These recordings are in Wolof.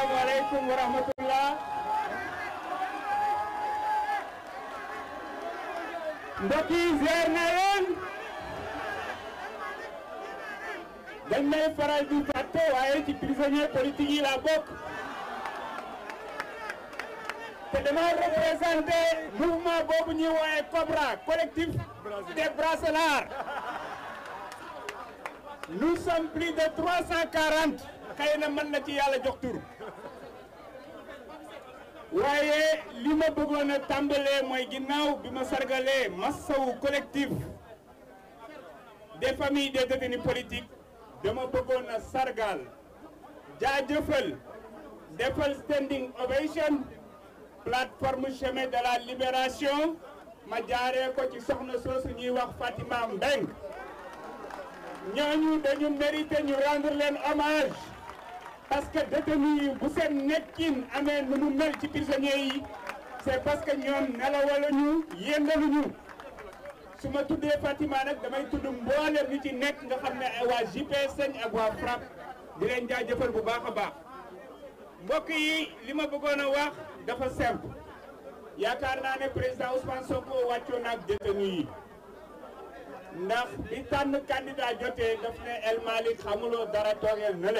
asalaamaaleykum wa rahmatullah mbokk yi ziar naa dañ may faral di fàtte waaye ci prisonnier politique yi laa bokk te dama représenté mouvement boobu ñuy wooye Cobra collectif des bracelards nous sommes plus de 340 na mën na ci yàlla jox tur waaye li ma bëggoon tàmbalee mooy ginnaaw bi ma sargalee massawu collectif des familles des détenus politiques dama bëggoon a sargal jaajëfal defal standing ovation plateforme chemin de la libération ma jaaree ko ci soxna soosu ñuy wax Fatima Mbeng ñooñu dañu mérité ñu rendre leen hommage parce que détenu yi bu seen nekkin amee nu mu mel ci prisonniers yi c'est parce que ñoom nelawaluñu yëngaluñu su ma tuddee Fatima nag damay tudd mboolem ñi ci nekk nga xam ne waa JPSN ak waa FRAPP di leen jaajëfal bu baax a baax mbokk yi li ma bëggoon a wax dafa simple yaakaar naa ne président Ousmane Sonko wàccoon ak détenu yi ndax bi tànn candidat jotee daf ne El Malick xamuloo dara toogeel na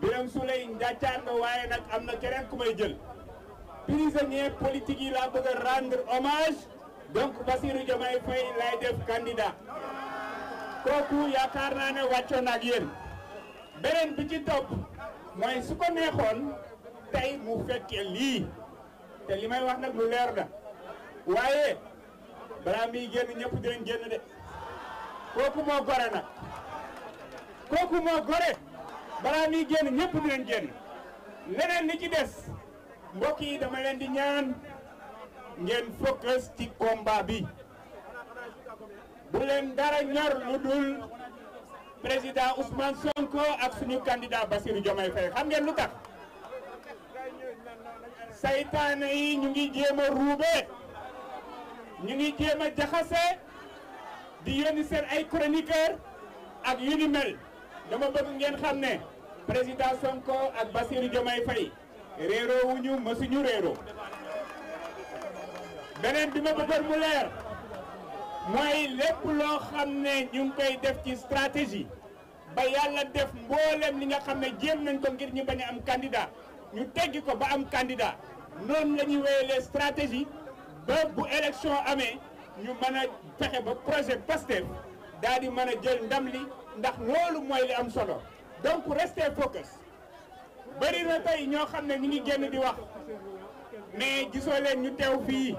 Birame Souleye njàccaar nga waaye nag am na keneen ku may jël prisonnier politique yi laa bëgg a rendre hommage donc Bassirou Diomaye Faye lay def candidat kooku yaakaar naa ne wàccoon ak yéen bi ci topp mooy su ko neexoon tey mu fekkee lii te li wax nag lu leer la waaye balaa muy génn ñëpp dinañ de kooku moo gore nag kooku moo gore balaa muy génn ñëpp dinañ génn leneen li ci des mbokk yi dama leen di ñaan ngeen focus ci combat bi bu leen dara ñor lu dul président Ousmane Sonko ak suñu candidat Bassirou Diomaye Faye xam ngeen lu tax saytaane yi ñu ngi jéem a ruube ñu ngi jéem a jaxase di yónni seen ay chroniqueur ak yu ni mel dama bëgg ngeen xam ne président Sonko ak Bassirou Diomaye Faye réeroo wu ñu mësuñu réeroo beneen bi ma bëggoon mu leer mooy lépp loo xam ne ñu ngi koy def ci stratégie ba yàlla def mboolem li nga xam ne jéem nañ ko ngir ñi bañ am candidat ñu teggi ko ba am candidat noonu la ñuy wéyalee stratégie ba bu élection amee ñu mën a fexe ba projet Pastef daal di mën a jël ndam li ndax loolu mooy li am solo donc restez focus bëri na tey ñoo xam ne ñu ngi génn di wax mais gisoo leen ñu teew fii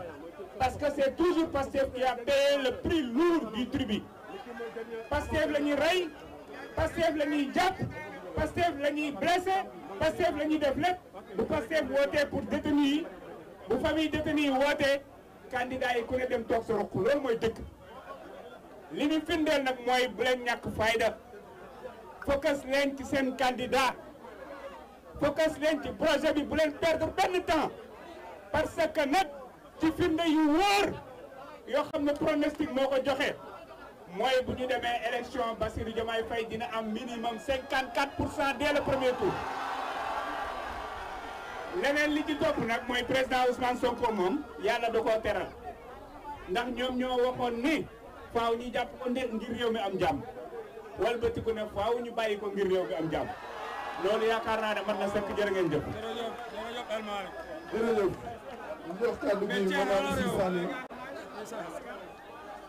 parce que c'est toujours Pastef qui a payé le prix lourd du tribut Pastef la ñuy rey Pastef la ñuy jàpp Pastef la ñuy blessé Pastef la ñuy def lépp bu Pastef wootee pour détenu yi bu famille détenu yi wootee candidat yi ku ne dem toog sa roq loolu mooy dëkk li ñu firndeel nag mooy bu leen ñàkk fayda focus leen ci seen candidat focus leen ci projet bi bu leen perdre benn temps parce que nag ci firnde yu wóor yoo xam ne pronostic moo ko joxe mooy bu ñu demee élection Bassirou Diomaye Faye dina am minimum 54 pour cent dès le premier tour leneen li ci topp nag mooy président Ousmane Sonko moom yàlla da koo ndax ñoom ñoo waxoon ni waaw ñu jàpp ko ngir réew mi am jàmm walbatiku ne faaw ñu bàyyi ko ngir réew mi am jàmm loolu yaakaar naa ne man na sëkk jërë ngeen jëf. jërëjëf jërëjëf Elmar. jërëjëf. jox kàddu gi maanaam si Sane.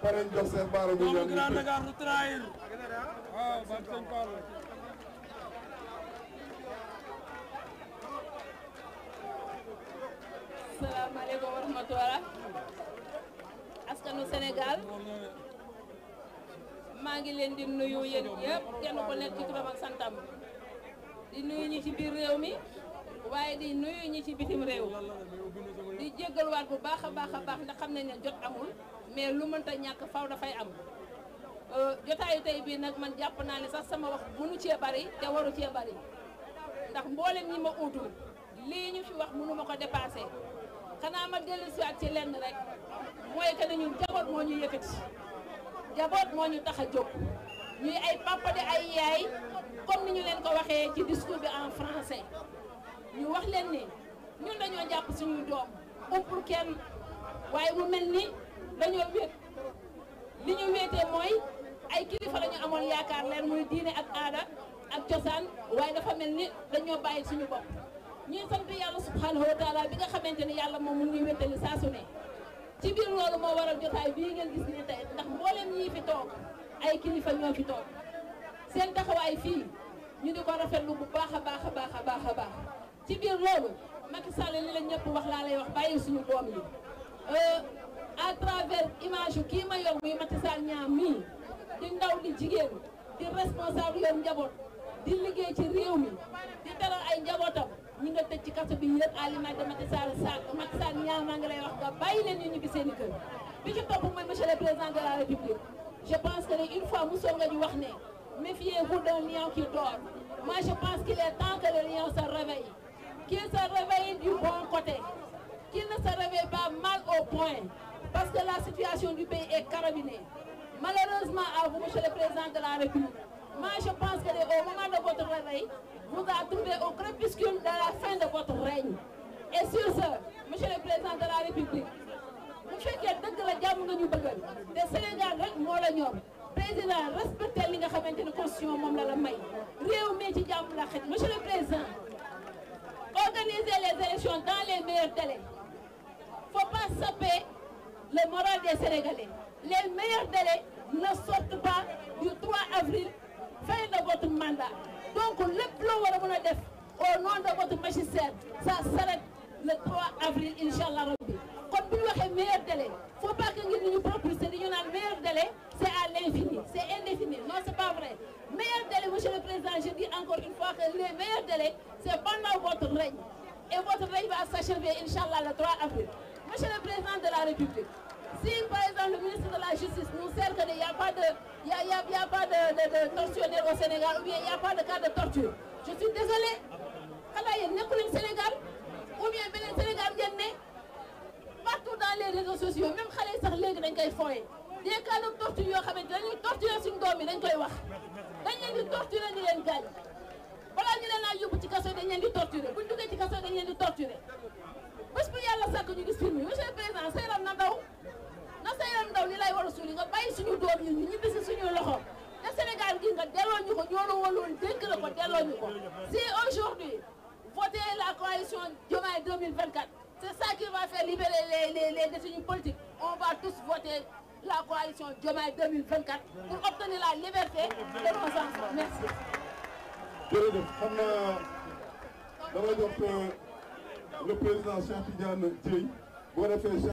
pare jox seen baara bu ñoom Grand Dakar du trahir. waaw ban sëñ Paul. salaamaaleykum wa rahmatulah. maa ngi leen di nuyu yéen yëpp kenn ko nekk ci turam ak santam di nuyu ñi ci biir réew mi waaye di nuyu ñi ci bitim réew di jéggalwaat bu baax a baax a baax ndax xam nañ ne jot amul mais lu mënta ñàkk faw dafay am euh, jotaayu tey bii nag man jàpp naa ne sax sama wax mënu cee bari te waru cee bari ndax mboolem ñi ma uutu lii ñu fi wax mënu ma ko dépassé xanaa ma dellusiwaat ci lenn rek mooy que ne ñun jaboot moo ñu yëkkati jaboot moo ñu tax a jóg ñuy ay papa di ay yaay comme ni ñu leen ko waxee ci discours bi en français ñu wax leen ni ñun dañoo jàpp suñu doom umpul kenn waaye mu mel ni dañoo wéet li ñu wéetee mooy ay kilifa la ñu amoon yaakaar leen muy diine ak aada ak cosaan waaye dafa mel ni dañoo bàyyi suñu bopp ñuy sant yàlla subhanahu wa taala bi nga xamante ni yàlla moom mu ngi wéttali saa su ne ci biir loolu moo waral jotaay bii ngeen gis nii tey ndax mboolem ñii fi toog ay kilifa ñoo fi toog seen taxawaay fii ñu di ko rafetlu bu baax a baax a baax a baax a baax ci biir loolu Macky Sall li la ñëpp wax laa lay wax bàyyi suñu doom yi euh, à travers image yu kii ma yor muy Macky Sall ñaam mii di ndaw di jigéen di responsable yor njaboot di liggéey ci réew mi di teral ay njabootam ñi nga tëj ci kaso bi yëpp Alioune ak Macky Sall Macky Sall ñaar ngi lay wax nga bàyyi leen ñu ñibbi seen i kër bi ci topp mooy monsieur le président de la république je pense que une fois mu soog a ñu wax ne méfiez-vous d'un lion qui dort moi je pense qu'il est temps que le lion se réveille qu'il se réveille du bon côté qu'il ne mal au point parce que la situation du pays est carabinée malheureusement à vous monsieur le président de la Moi, je pense que au moment de votre réveil, vous avez trouvé au crépuscule de la fin de votre règne. Et sur ce, monsieur le président de la République, bu fekkee dëgg la jàmm nga ñu président respecté li nga xamante ne constitution moom la la may réew mi ci jàmm la xet monsieur le président organisez les élections dans les meilleurs délais faut pas saper le moral des Sénégalais les meilleurs délais ne sortent pas du 3 avril fin de votre mandat donc lépp loo war a a def au nom de votre magistère ça s'arrête le 3 avril incha rabbi kon bu ñu waxee meilleur délai faut pas que ngeen ñu propulsé dañu naan meilleur délai c'est à l'infini c'est indéfini non c'est pas vrai meilleur délai monsieur le président je encore une fois que les meilleurs délais c'est pendant votre règne et votre règne va s'achever incha allah le 3 avril monsieur le président de la république Si par exemple le ministre de la Justice nous sert qu'il n'y a pas de, il y a, il a, il a pas de, de, de Sénégal ou bien il a pas de cas torture, je suis désolée. xanaa yéen nekku Sénégal ou beneen Sénégal ngeen ne partout dans les réseaux sociaux même xale yi sax léegi dañ koy fooye des cas de torture yoo xamante dañuy torturer suñu doom yi dañ koy wax dañ leen di torturer di leen gaañ balaa ñu leen a yóbbu ci kaso dañ leen di buñ duggee ci kaso dañ leen di bés bu yàlla les détenus on va tous voter la coalition Diomaye 2024 pour obtenir la liberté de nos enfants. Merci. jërëjëf xam naa dama jox euh, le président Cheikh Tidiane Dièye boo defee